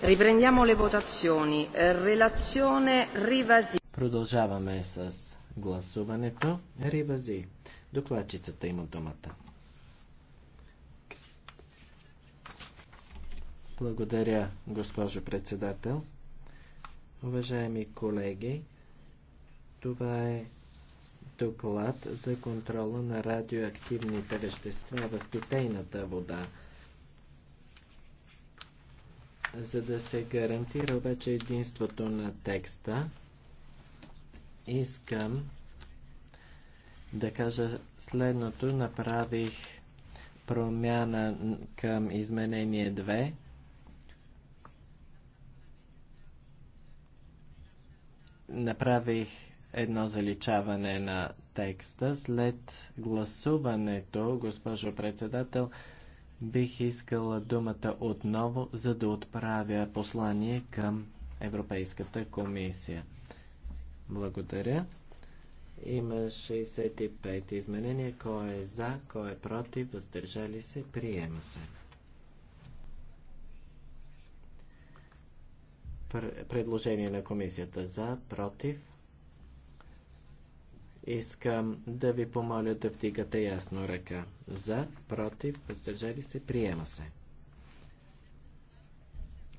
Riprendiamo le votazioni. Eh, relazione Продължаваме с гласуването. Ривази. Докладчицата има думата. Благодаря, госпожо председател. Уважаеми колеги, това е доклад за контрола на радиоактивните вещества в питейната вода. За да се гарантира обаче единството на текста, искам да кажа следното. Направих промяна към изменение 2. Направих едно заличаване на текста. След гласуването, госпожо председател, бих искала думата отново, за да отправя послание към Европейската комисия. Благодаря. Има 65 изменения. Кой е за, кой е против, въздържали се, приема се. Предложение на комисията за, против, Искам да ви помоля да вдигате ясно ръка. За, против, въздържали се, приема се.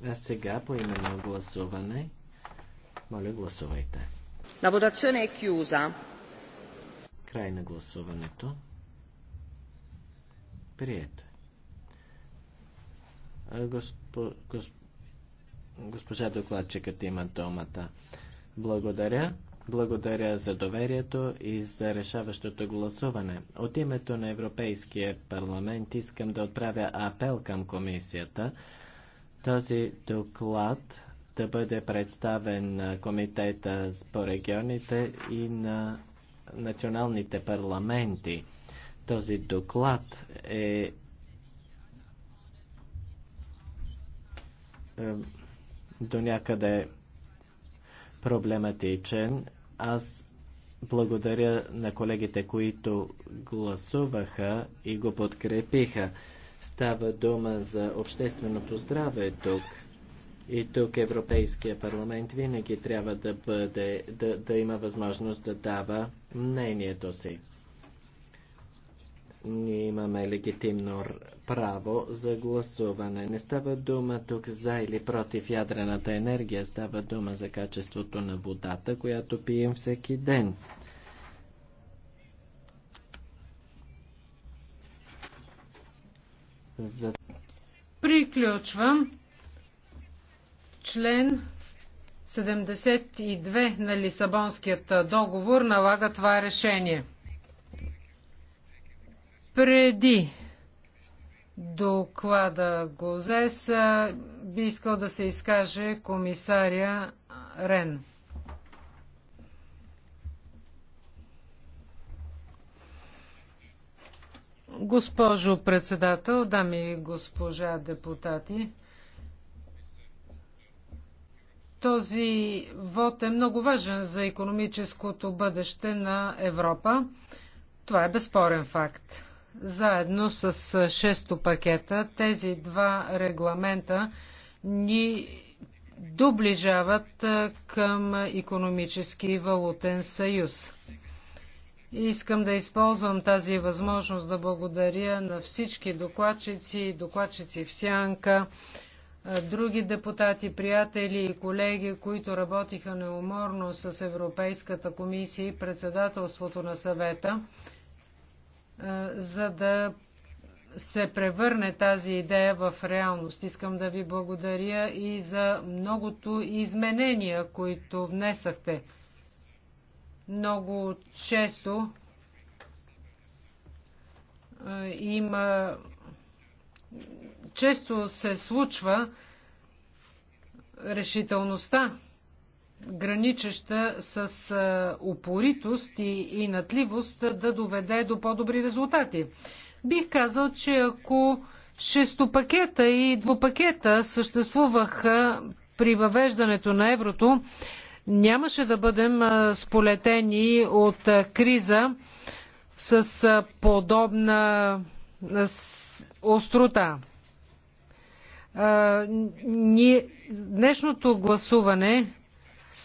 А сега по именно гласуване. Моля, гласувайте. La votazione è chiusa. Край на гласуването. Прието. Е. Госпо, госп... Госпожа докладчикът има думата. Благодаря. Благодаря за доверието и за решаващото гласуване. От името на Европейския парламент искам да отправя апел към комисията този доклад да бъде представен на Комитета по регионите и на националните парламенти. Този доклад е, е до някъде проблематичен аз благодаря на колегите, които гласуваха и го подкрепиха. Става дума за общественото здраве тук. И тук Европейския парламент винаги трябва да, бъде, да, да има възможност да дава мнението си ние имаме легитимно право за гласуване. Не става дума тук за или против ядрената енергия, става дума за качеството на водата, която пием всеки ден. За... Приключвам. Член 72 на Лисабонският договор налага това решение. Преди доклада Гозес би искал да се изкаже комисаря Рен. Госпожо председател, дами и госпожа депутати, този вод е много важен за економическото бъдеще на Европа. Това е безспорен факт заедно с 6 пакета. Тези два регламента ни доближават към економически и валутен съюз. Искам да използвам тази възможност да благодаря на всички докладчици, докладчици в Сянка, други депутати, приятели и колеги, които работиха неуморно с Европейската комисия и председателството на съвета за да се превърне тази идея в реалност. Искам да ви благодаря и за многото изменения, които внесахте. Много често има. Често се случва решителността граничеща с упоритост и, и натливост, да доведе до по-добри резултати. Бих казал, че ако шестопакета и двупакета съществуваха при въвеждането на еврото, нямаше да бъдем сполетени от криза с подобна острота. Днешното гласуване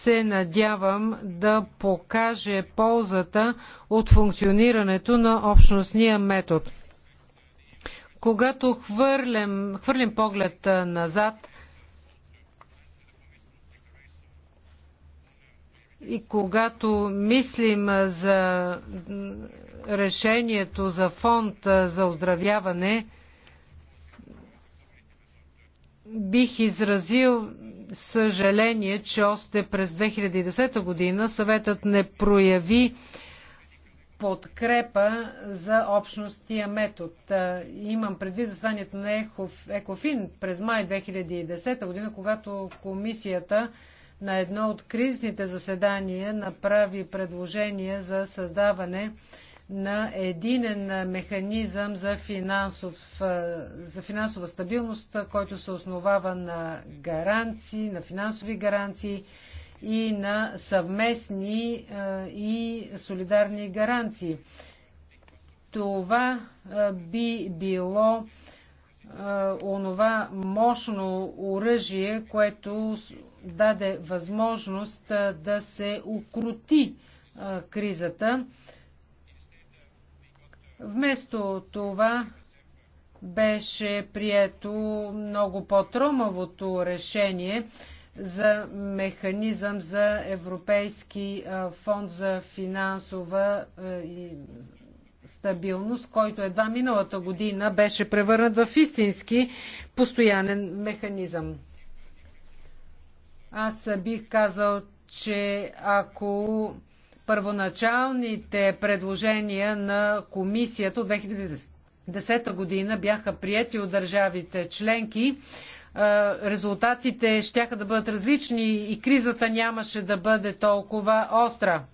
се надявам да покаже ползата от функционирането на общностния метод. Когато хвърлям, хвърлим поглед назад – И когато мислим за решението за фонд за оздравяване, бих изразил съжаление, че още през 2010 година съветът не прояви подкрепа за общностия метод. Имам предвид заседанието на Екофин през май 2010 година, когато комисията на едно от кризисните заседания направи предложение за създаване на единен механизъм за, финансов, за финансова стабилност, който се основава на гаранции, на финансови гаранции и на съвместни и солидарни гаранции. Това би било онова мощно оръжие, което даде възможност да се укрути кризата Вместо това беше прието много по-тромавото решение за механизъм за Европейски фонд за финансова стабилност, който едва миналата година беше превърнат в истински постоянен механизъм. Аз бих казал, че ако Първоначалните предложения на комисията от 2010 година бяха прияти от държавите членки. Резултатите ще да бъдат различни и кризата нямаше да бъде толкова остра.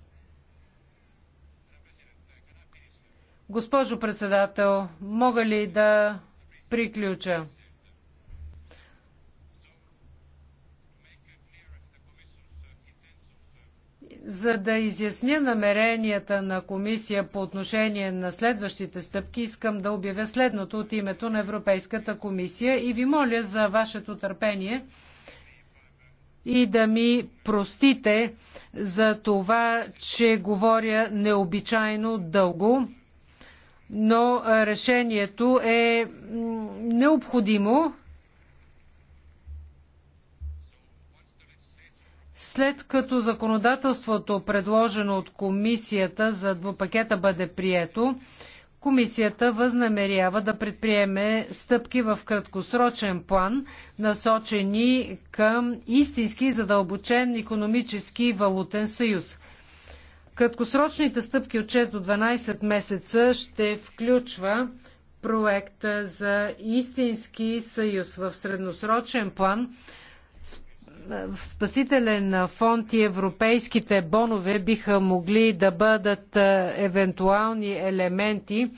Госпожо председател, мога ли да приключа? за да изясня намеренията на комисия по отношение на следващите стъпки, искам да обявя следното от името на Европейската комисия и ви моля за вашето търпение и да ми простите за това, че говоря необичайно дълго, но решението е необходимо След като законодателството, предложено от комисията за двупакета бъде прието, комисията възнамерява да предприеме стъпки в краткосрочен план, насочени към истински задълбочен економически и валутен съюз. Краткосрочните стъпки от 6 до 12 месеца ще включва проекта за истински съюз в средносрочен план – спасителен фонд и европейските бонове биха могли да бъдат е, евентуални елементи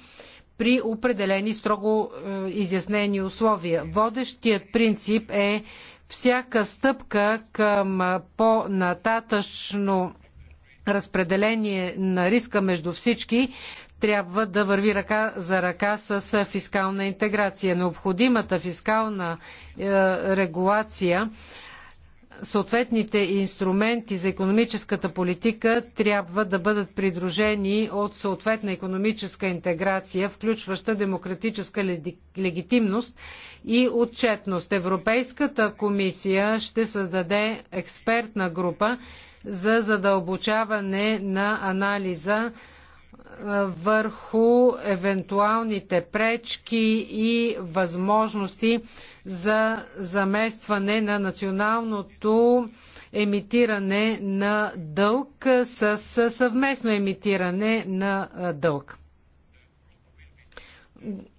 при определени строго е, изяснени условия. Водещият принцип е всяка стъпка към по-нататъчно разпределение на риска между всички трябва да върви ръка за ръка с е, фискална интеграция. Необходимата фискална регулация съответните инструменти за економическата политика трябва да бъдат придружени от съответна економическа интеграция, включваща демократическа легитимност и отчетност. Европейската комисия ще създаде експертна група за задълбочаване на анализа върху евентуалните пречки и възможности за заместване на националното емитиране на дълг с съвместно емитиране на дълг.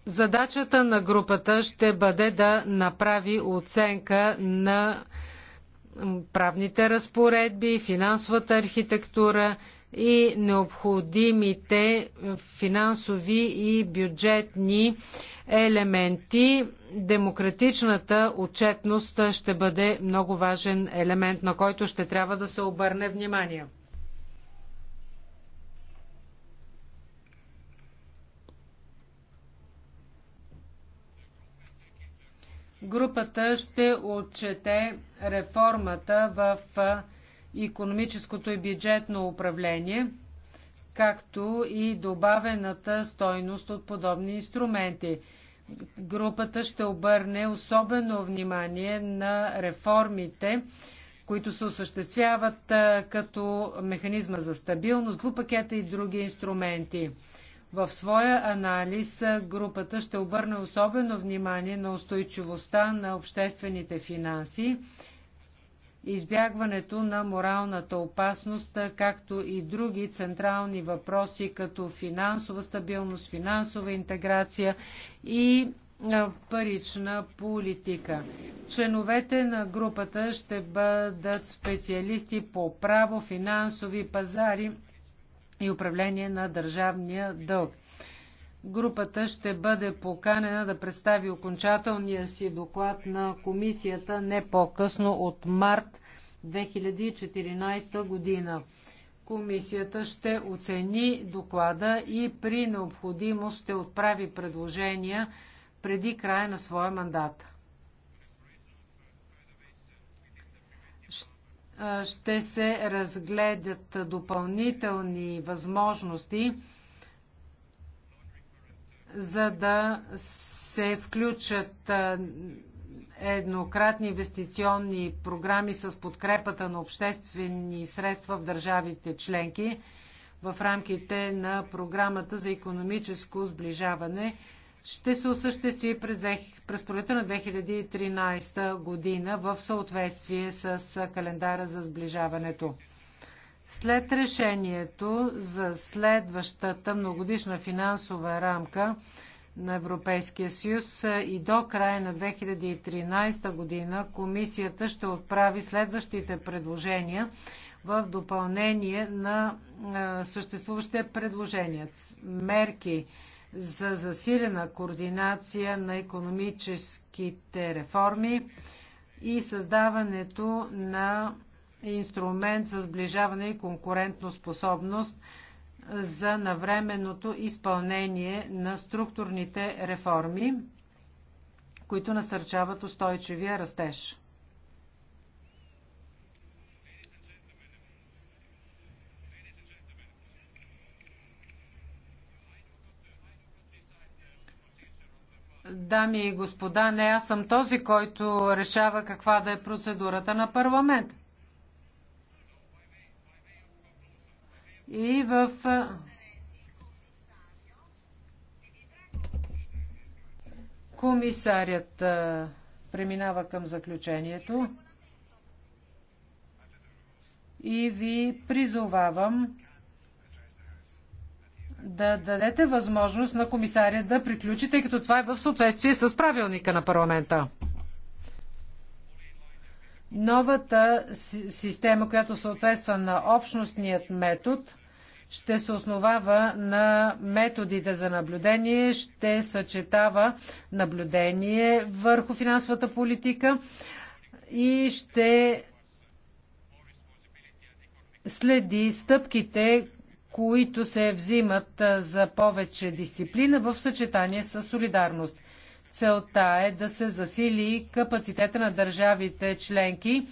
Задачата на групата ще бъде да направи оценка на правните разпоредби, финансовата архитектура, и необходимите финансови и бюджетни елементи. Демократичната отчетност ще бъде много важен елемент, на който ще трябва да се обърне внимание. Групата ще отчете реформата в економическото и бюджетно управление, както и добавената стойност от подобни инструменти. Групата ще обърне особено внимание на реформите, които се осъществяват като механизма за стабилност, двупакета и други инструменти. В своя анализ групата ще обърне особено внимание на устойчивостта на обществените финанси избягването на моралната опасност, както и други централни въпроси, като финансова стабилност, финансова интеграция и парична политика. Членовете на групата ще бъдат специалисти по право, финансови пазари и управление на държавния дълг. Групата ще бъде поканена да представи окончателния си доклад на комисията не по-късно от март 2014 година. Комисията ще оцени доклада и при необходимост ще отправи предложения преди края на своя мандат. Ще се разгледат допълнителни възможности за да се включат еднократни инвестиционни програми с подкрепата на обществени средства в държавите членки в рамките на програмата за економическо сближаване ще се осъществи през, през пролета на 2013 година в съответствие с календара за сближаването. След решението за следващата многодишна финансова рамка на Европейския съюз и до края на 2013 година комисията ще отправи следващите предложения в допълнение на съществуващите предложения. Мерки за засилена координация на економическите реформи и създаването на инструмент за сближаване и конкурентно способност за навременното изпълнение на структурните реформи, които насърчават устойчивия растеж. Дами и господа, не аз съм този, който решава каква да е процедурата на парламент. и в комисарят преминава към заключението и ви призовавам да дадете възможност на комисаря да приключи, тъй като това е в съответствие с правилника на парламента. Новата система, която съответства на общностният метод – ще се основава на методите за наблюдение, ще съчетава наблюдение върху финансовата политика и ще следи стъпките, които се взимат за повече дисциплина в съчетание с солидарност. Целта е да се засили капацитета на държавите членки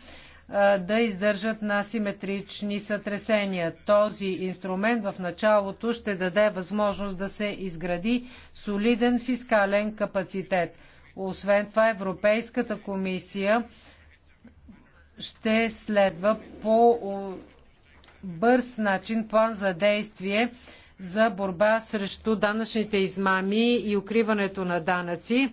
да издържат на симетрични сътресения. Този инструмент в началото ще даде възможност да се изгради солиден фискален капацитет. Освен това, Европейската комисия ще следва по бърз начин план за действие за борба срещу данъчните измами и укриването на данъци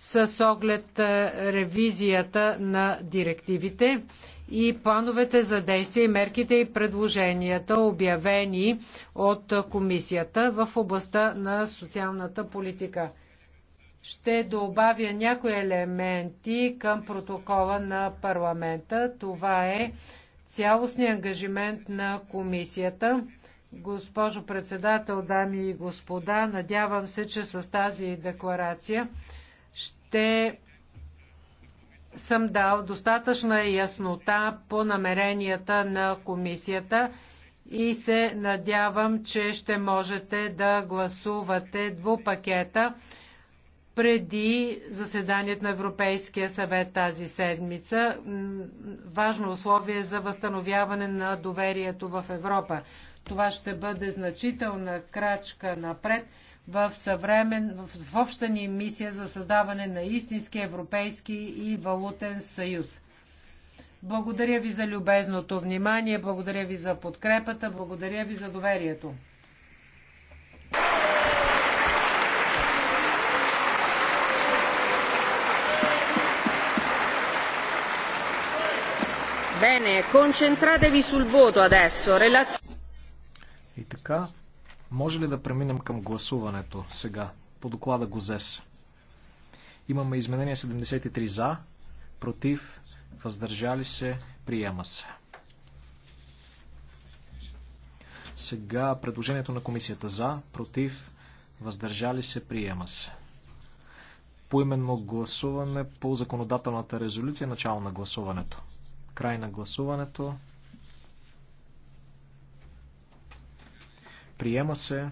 с оглед е, ревизията на директивите и плановете за действие, мерките и предложенията, обявени от комисията в областта на социалната политика. Ще добавя някои елементи към протокола на парламента. Това е цялостния ангажимент на комисията. Госпожо председател, дами и господа, надявам се, че с тази декларация ще съм дал достатъчна яснота по намеренията на комисията и се надявам, че ще можете да гласувате двупакета преди заседанието на Европейския съвет тази седмица. Важно условие за възстановяване на доверието в Европа. Това ще бъде значителна крачка напред в, съвремен, в, обща ни мисия за създаване на истински европейски и валутен съюз. Благодаря ви за любезното внимание, благодаря ви за подкрепата, благодаря ви за доверието. Bene, concentratevi sul voto adesso. Relaz... Може ли да преминем към гласуването сега по доклада ГОЗЕС? Имаме изменение 73 за, против, въздържали се, приема се. Сега предложението на комисията за, против, въздържали се, приема се. Поименно гласуване по законодателната резолюция, начало на гласуването. Край на гласуването. Приема се.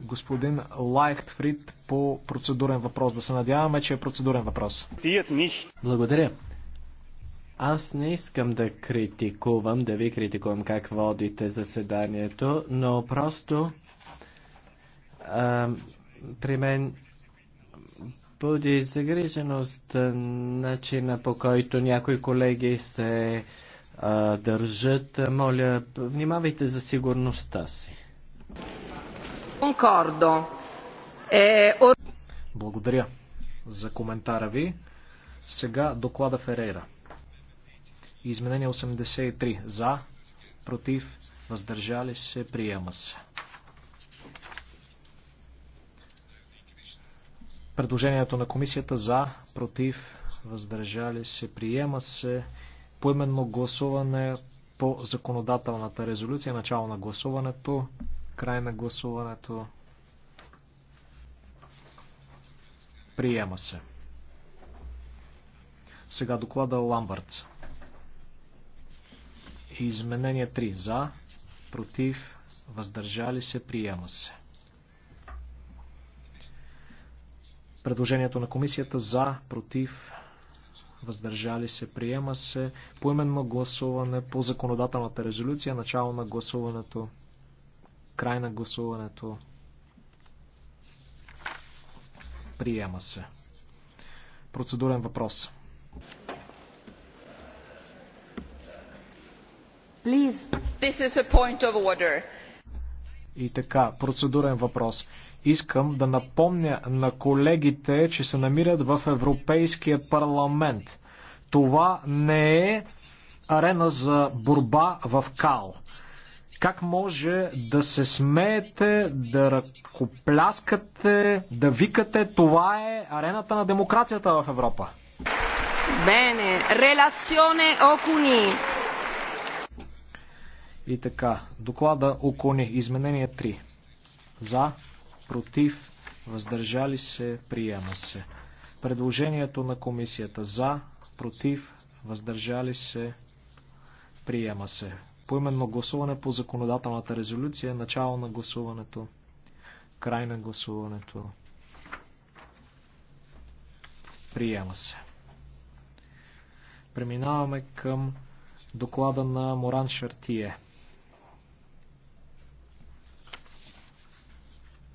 господин Лайхтфрид по процедурен въпрос. Да се надяваме, че е процедурен въпрос. Благодаря. Аз не искам да критикувам, да ви критикувам как водите заседанието, но просто а, при мен буди загриженост начина по който някои колеги се а, държат. Моля, внимавайте за сигурността си. Е, Благодаря за коментара ви. Сега доклада Ферейра. Изменение 83. За, против, въздържали се, приема се. Предложението на комисията за, против, въздържали се, приема се поименно гласуване по законодателната резолюция. Начало на гласуването, край на гласуването. Приема се. Сега доклада Ламбърт. Изменение 3. За, против, въздържали се, приема се. Предложението на комисията за, против, въздържали се, приема се поименно гласуване по законодателната резолюция, начало на гласуването, край на гласуването, приема се. Процедурен въпрос. Please, this is a point of order. И така, процедурен въпрос. Искам да напомня на колегите, че се намират в Европейския парламент. Това не е арена за борба в кал. Как може да се смеете, да ръкопляскате, да викате? Това е арената на демокрацията в Европа. Бене, релационе Окуни. И така, доклада Окуни, изменение 3. За, против, въздържали се, приема се. Предложението на комисията за, против, въздържали се, приема се. Поименно гласуване по законодателната резолюция, начало на гласуването, край на гласуването, приема се. Преминаваме към доклада на Моран Шартие.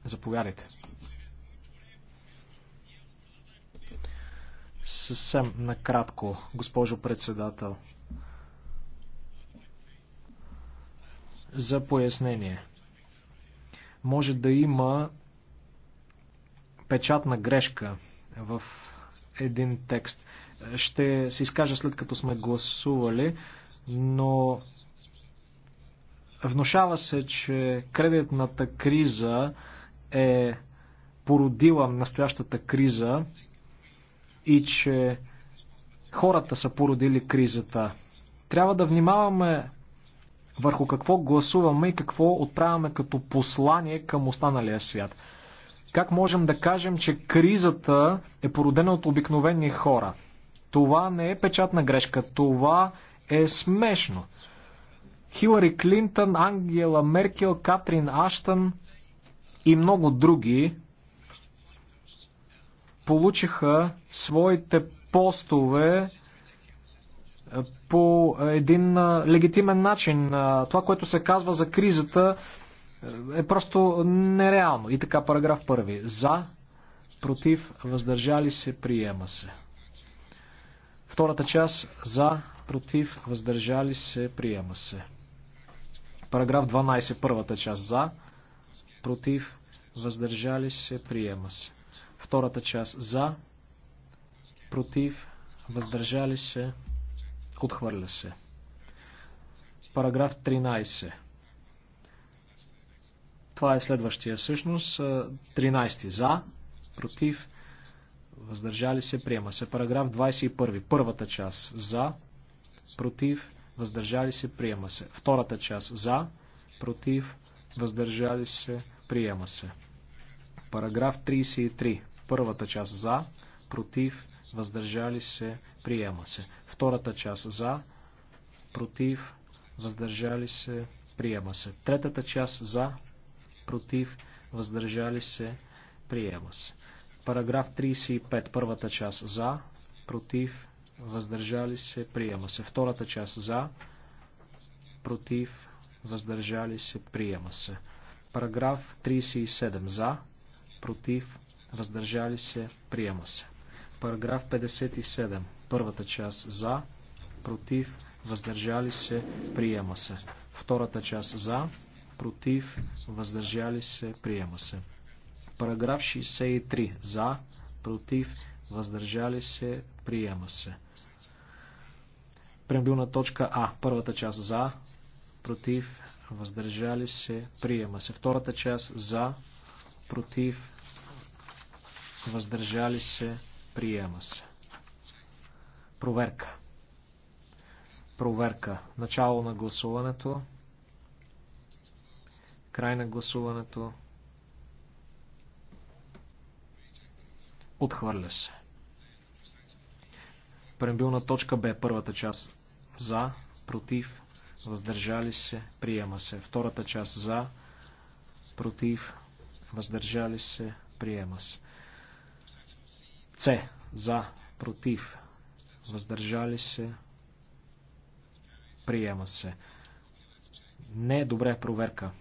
Заповядайте. Съвсем накратко, госпожо председател. За пояснение. Може да има печатна грешка в един текст. Ще се изкажа след като сме гласували, но внушава се, че кредитната криза е породила настоящата криза и че хората са породили кризата. Трябва да внимаваме върху какво гласуваме и какво отправяме като послание към останалия свят. Как можем да кажем, че кризата е породена от обикновени хора? Това не е печатна грешка, това е смешно. Хилари Клинтън, Ангела Меркел, Катрин Аштън – и много други получиха своите постове е, по един е, легитимен начин. Е, това, което се казва за кризата, е просто нереално. И така, параграф първи. За, против, въздържали се, приема се. Втората част. За, против, въздържали се, приема се. Параграф 12, първата част. За, против, въздържали се, приема се. Втората част за, против, въздържали се, отхвърля се. Параграф 13. Това е следващия всъщност. 13 за, против, въздържали се, приема се. Параграф 21. Първата част за, против, въздържали се, приема се. Втората част за, против, въздържали се, приема се. Параграф 33. Първата част за, против, въздържали се, приема се. Втората част за, против, въздържали се, приема се. Третата част за, против, въздържали се, приема се. Параграф 35. Първата част за, против, въздържали се, приема се. Втората част за, против, въздържали се, приема се. Параграф 37 за, против, въздържали се, приема се. Параграф 57, първата част за, против, въздържали се, приема се. Втората част за, против, въздържали се, приема се. Параграф 63 за, против, въздържали се, приема се. Преамбилна точка А. Първата част за, против, въздържали се, приема се. Втората част за, против, въздържали се, приема се. Проверка. Проверка. Начало на гласуването. Край на гласуването. Отхвърля се. Прембилна точка Б, първата част. За, против, въздържали се, приема се. Втората част за, против, въздържали се, приема се. С. За, против, въздържали се, приема се. Не е добре проверка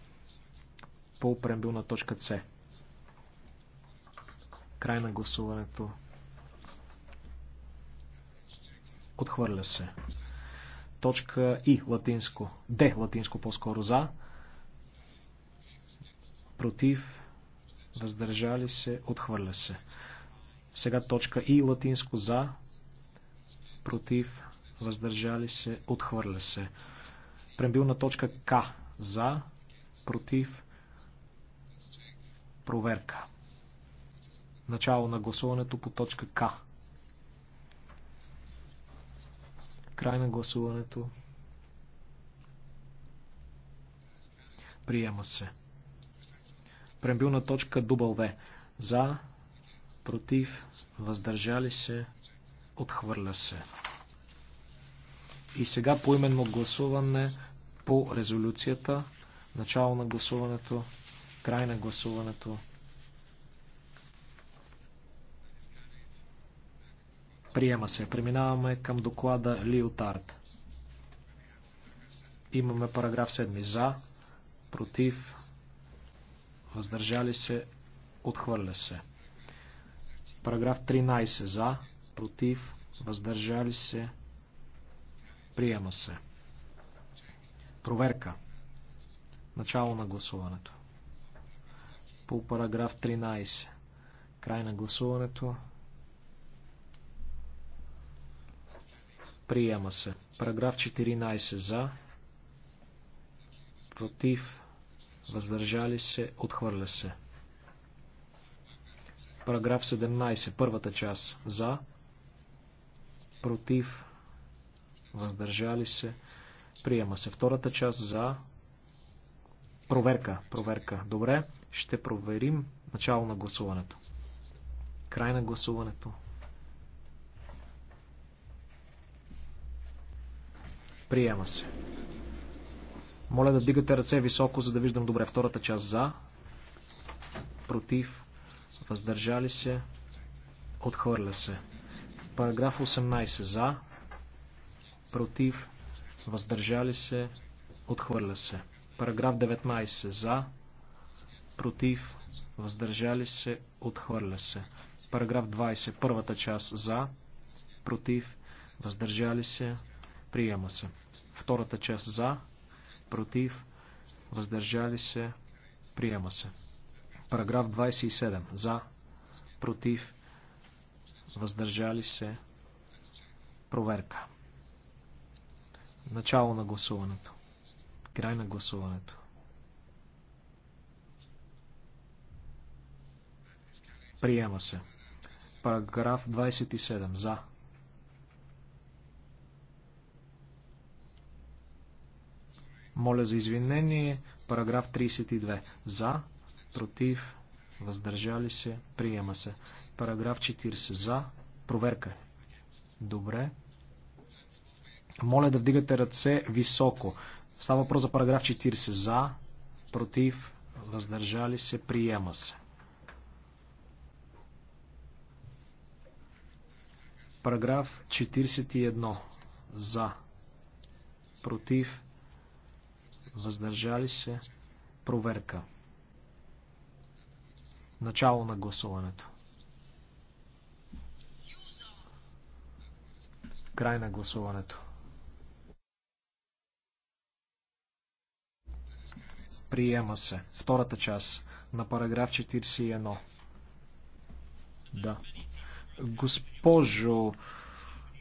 по преамбилна точка С. Край на гласуването. Отхвърля се. Точка И латинско. Д латинско по-скоро за. Против. Въздържали се. Отхвърля се. Сега точка И латинско за. Против. Въздържали се. Отхвърля се. Прембилна точка К за. Против. Проверка. Начало на гласуването по точка К. Край на гласуването. Приема се. Прембилна точка В. За, против, въздържали се, отхвърля се. И сега по именно гласуване по резолюцията. Начало на гласуването, край на гласуването. Приема се. Преминаваме към доклада Лиотард. Имаме параграф 7. За, против, въздържали се, отхвърля се. Параграф 13. За, против, въздържали се, приема се. Проверка. Начало на гласуването. По параграф 13. Край на гласуването. Приема се. Параграф 14 за. Против. Въздържали се. Отхвърля се. Параграф 17. Първата част. За. Против. Въздържали се. Приема се. Втората част. За. Проверка. Проверка. Добре. Ще проверим начало на гласуването. Край на гласуването. Приема се. Моля да дигате ръце високо, за да виждам добре. Втората част за. Против. Въздържали се. Отхвърля се. Параграф 18 за. Против. Въздържали се. Отхвърля се. Параграф 19 за. Против. Въздържали се. Отхвърля се. Параграф 20. Първата част за. Против. Въздържали се. Приема се. Втората част за, против, въздържали се, приема се. Параграф 27. За, против, въздържали се, проверка. Начало на гласуването. Край на гласуването. Приема се. Параграф 27. За. Моля за извинение. Параграф 32. За, против, въздържали се, приема се. Параграф 40. За, проверка. Добре. Моля да вдигате ръце високо. Става въпрос за параграф 40. За, против, въздържали се, приема се. Параграф 41. За, против, въздържали се, проверка. Начало на гласуването. Край на гласуването. Приема се. Втората част на параграф 41. Да. Госпожо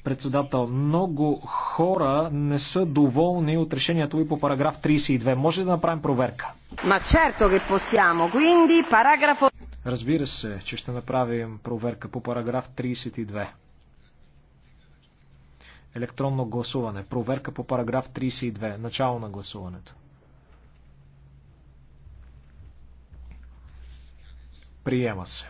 председател. Много хора не са доволни от решението ви по параграф 32. Може да направим проверка? Ма Разбира се, че ще направим проверка по параграф 32. Електронно гласуване. Проверка по параграф 32. Начало на гласуването. Приема се.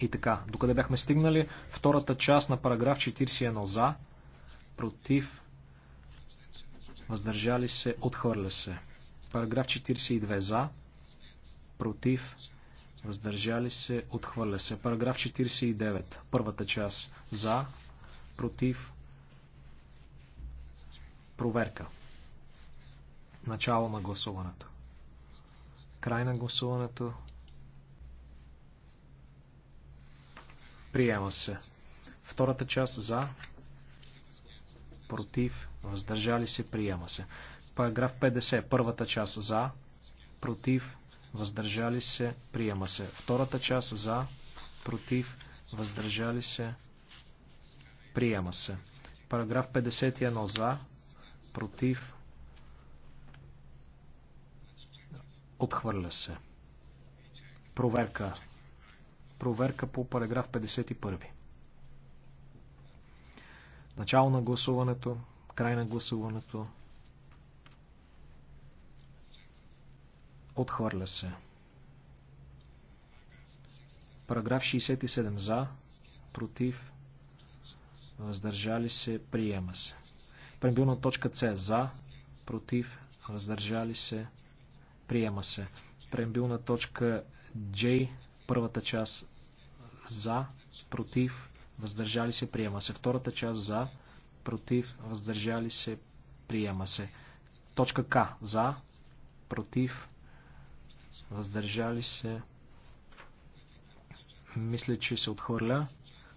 И така, докъде бяхме стигнали? Втората част на параграф 41 за, против, въздържали се, отхвърля се. Параграф 42 за, против, въздържали се, отхвърля се. Параграф 49, първата част за, против, проверка. Начало на гласуването. Край на гласуването. Приема се. Втората част за, против, въздържали се, приема се. Параграф 50. Първата част за, против, въздържали се, приема се. Втората част за, против, въздържали се, приема се. Параграф 51 за, против, отхвърля се. Проверка проверка по параграф 51. Начало на гласуването, край на гласуването. Отхвърля се. Параграф 67 за, против, въздържали се, приема се. Прембилна точка С за, против, въздържали се, приема се. Прембилна точка J, първата част за, против, въздържали се, приема се. Втората част за, против, въздържали се, приема се. Точка К. За, против, въздържали се. Мисля, че се отхвърля.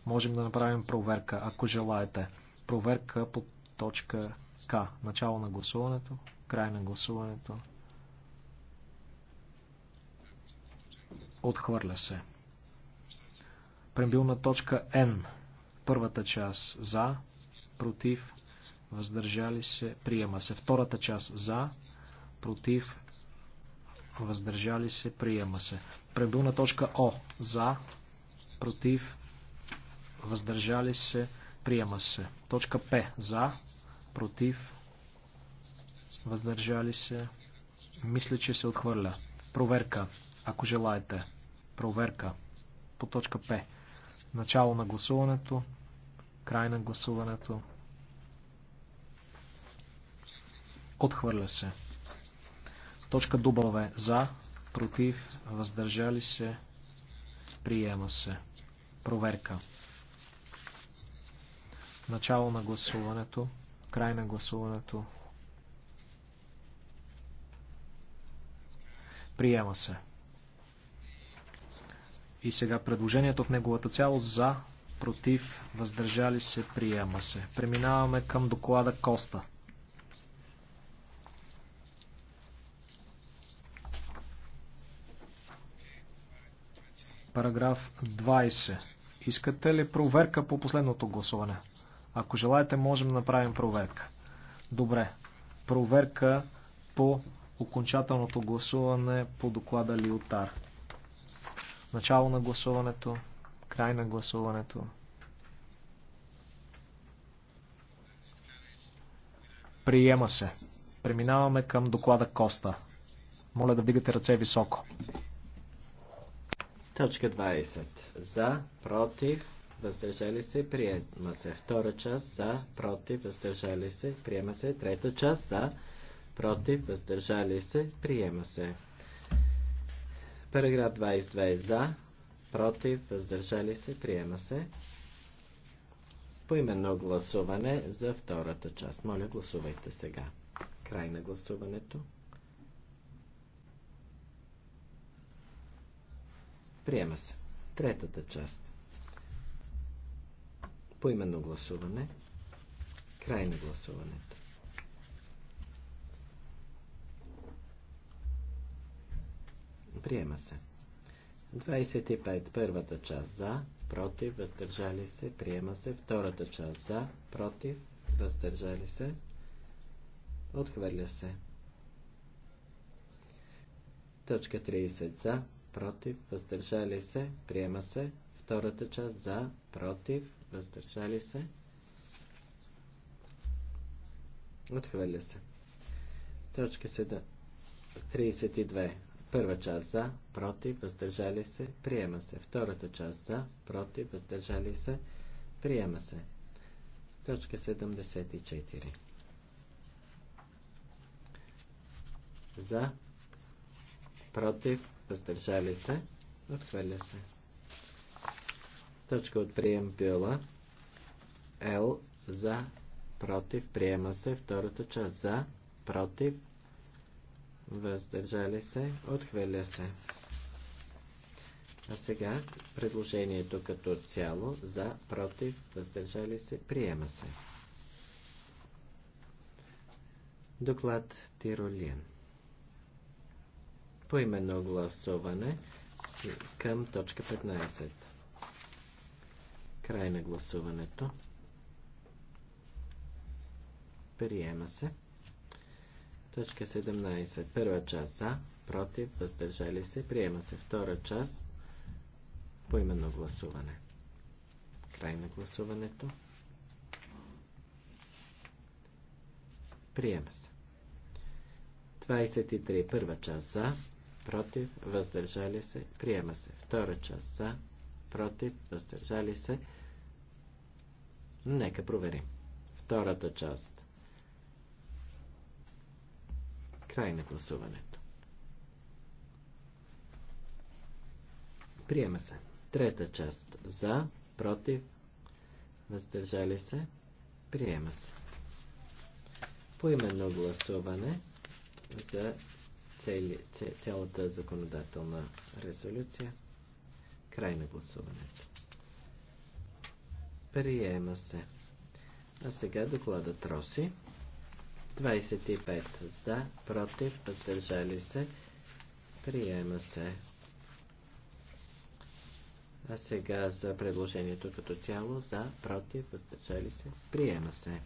Можем да направим проверка, ако желаете. Проверка по точка К. Начало на гласуването, край на гласуването. Отхвърля се. Прембилна точка Н. Първата част за, против, въздържали се, приема се. Втората част за, против, въздържали се, приема се. Пребилна точка О. За, против, въздържали се, приема се. Точка П. За, против, въздържали се, мисля, че се отхвърля. Проверка, ако желаете. Проверка по точка П. Начало на гласуването. Край на гласуването. Отхвърля се. Точка W. За, против, въздържали се, приема се. Проверка. Начало на гласуването. Край на гласуването. Приема се. И сега предложението в неговата цялост за, против, въздържали се, приема се. Преминаваме към доклада Коста. Параграф 20. Искате ли проверка по последното гласуване? Ако желаете, можем да направим проверка. Добре. Проверка по окончателното гласуване по доклада Лиотар. Начало на гласуването, край на гласуването. Приема се. Преминаваме към доклада Коста. Моля да вдигате ръце високо. Точка 20. За, против, въздържали се, приема се. Втора част за, против, въздържали се, приема се. Трета част за, против, въздържали се, приема се. Параграф 22 е за, против, въздържали се, приема се. Поименно гласуване за втората част. Моля, гласувайте сега. Край на гласуването. Приема се. Третата част. Поименно гласуване. Край на гласуването. Приема се. 25. Първата част за, против, въздържали се. Приема се. Втората част за, против, въздържали се. Отхвърля се. Точка 30 за, против, въздържали се. Приема се. Втората част за, против, въздържали се. Отхвърля се. Точка 7. 32. Първа част за, против, въздържали се, приема се. Втората част за, против, въздържали се, приема се. Точка 74. За, против, въздържали се, отхвърля се. Точка от прием била Л за, против, приема се. Втората част за, против, въздържали се, отхвърля се. А сега предложението като цяло за, против, въздържали се, приема се. Доклад Тиролин. Поименно гласуване към точка 15. Край на гласуването. Приема се. Точка 17. Първа част за, против, въздържали се, приема се. Втора част по именно гласуване. Край на гласуването. Приема се. 23. Първа част за, против, въздържали се, приема се. Втора част за, против, въздържали се. Нека проверим. Втората част Край на гласуването. Приема се. Трета част. За, против, въздържали се. Приема се. Поименно гласуване за цели, цялата законодателна резолюция. Край на гласуването. Приема се. А сега докладът Роси. 25 за, против, въздържали се, приема се. А сега за предложението като цяло, за, против, въздържали се, приема се.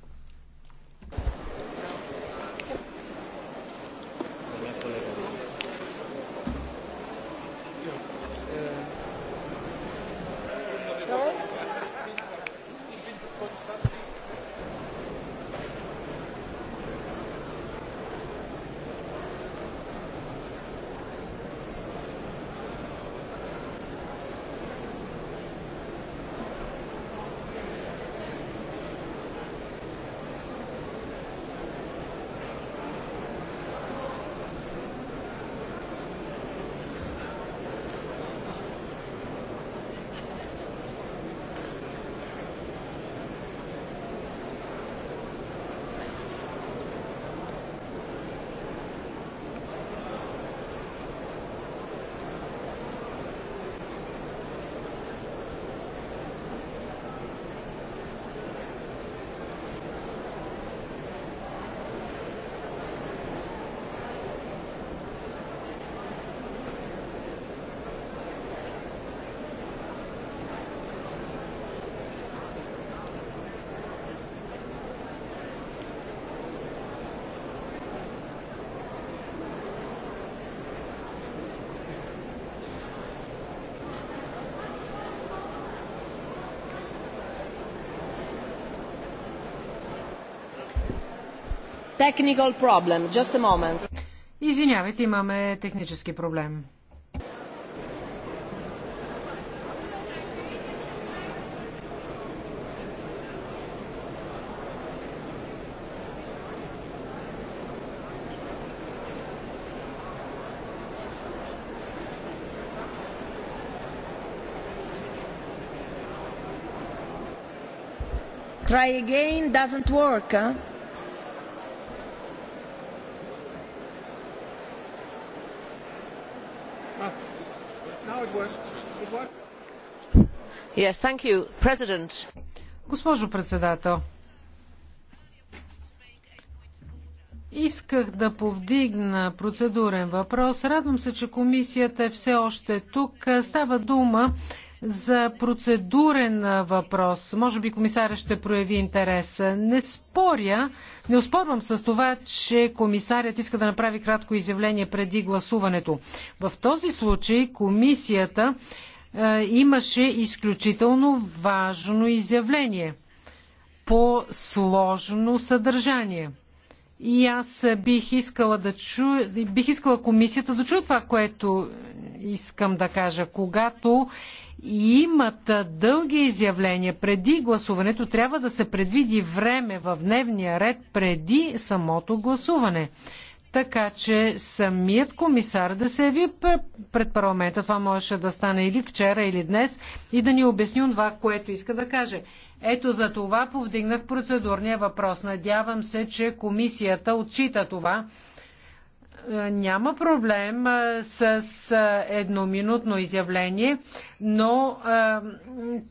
technical problem. Just a moment. Извинявайте, имаме технически проблем. Try again doesn't work, huh? Госпожо председател, исках да повдигна процедурен въпрос. Радвам се, че комисията е все още тук. Става дума за процедурен въпрос. Може би комисаря ще прояви интерес. Не споря, не оспорвам с това, че комисарят иска да направи кратко изявление преди гласуването. В този случай комисията е, имаше изключително важно изявление по сложно съдържание – и аз бих искала, да чу... бих искала комисията да чуе това, което искам да кажа. Когато имат дълги изявления преди гласуването, трябва да се предвиди време в дневния ред преди самото гласуване. Така че самият комисар да се яви пред парламента, това можеше да стане или вчера, или днес, и да ни обясни това, което иска да каже. Ето за това повдигнах процедурния въпрос. Надявам се, че комисията отчита това. Е, няма проблем е, с е, едноминутно изявление, но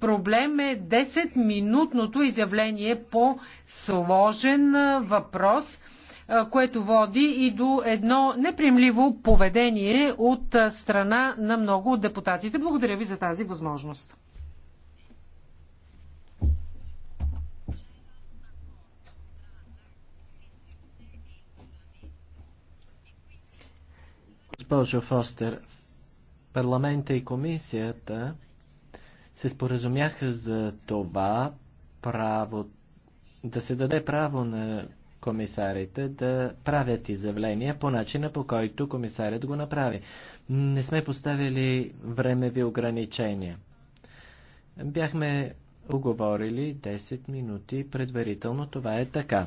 проблем е 10-минутното изявление по сложен въпрос, което води и до едно неприемливо поведение от страна на много от депутатите. Благодаря ви за тази възможност. Госпожо Фостер, парламента и комисията се споразумяха за това право, да се даде право на комисарите да правят изявления по начина по който комисарят го направи. Не сме поставили времеви ограничения. Бяхме оговорили 10 минути предварително. Това е така.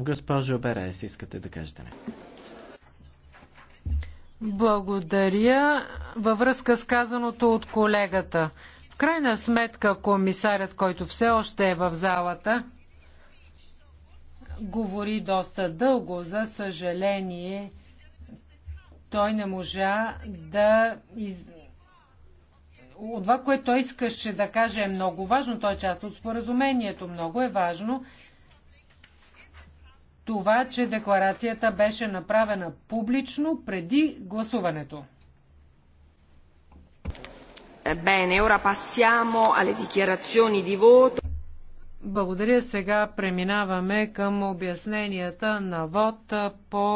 Госпожо Берес, искате да кажете нещо? Благодаря. Във връзка с казаното от колегата. В крайна сметка комисарят, който все още е в залата, говори доста дълго. За съжаление, той не можа да из... Това, което той искаше да каже е много важно. Той е част от споразумението. Много е важно това, че декларацията беше направена публично преди гласуването. Bene, ora passiamo alle dichiarazioni di voto. Благодаря. Сега преминаваме към обясненията на вод по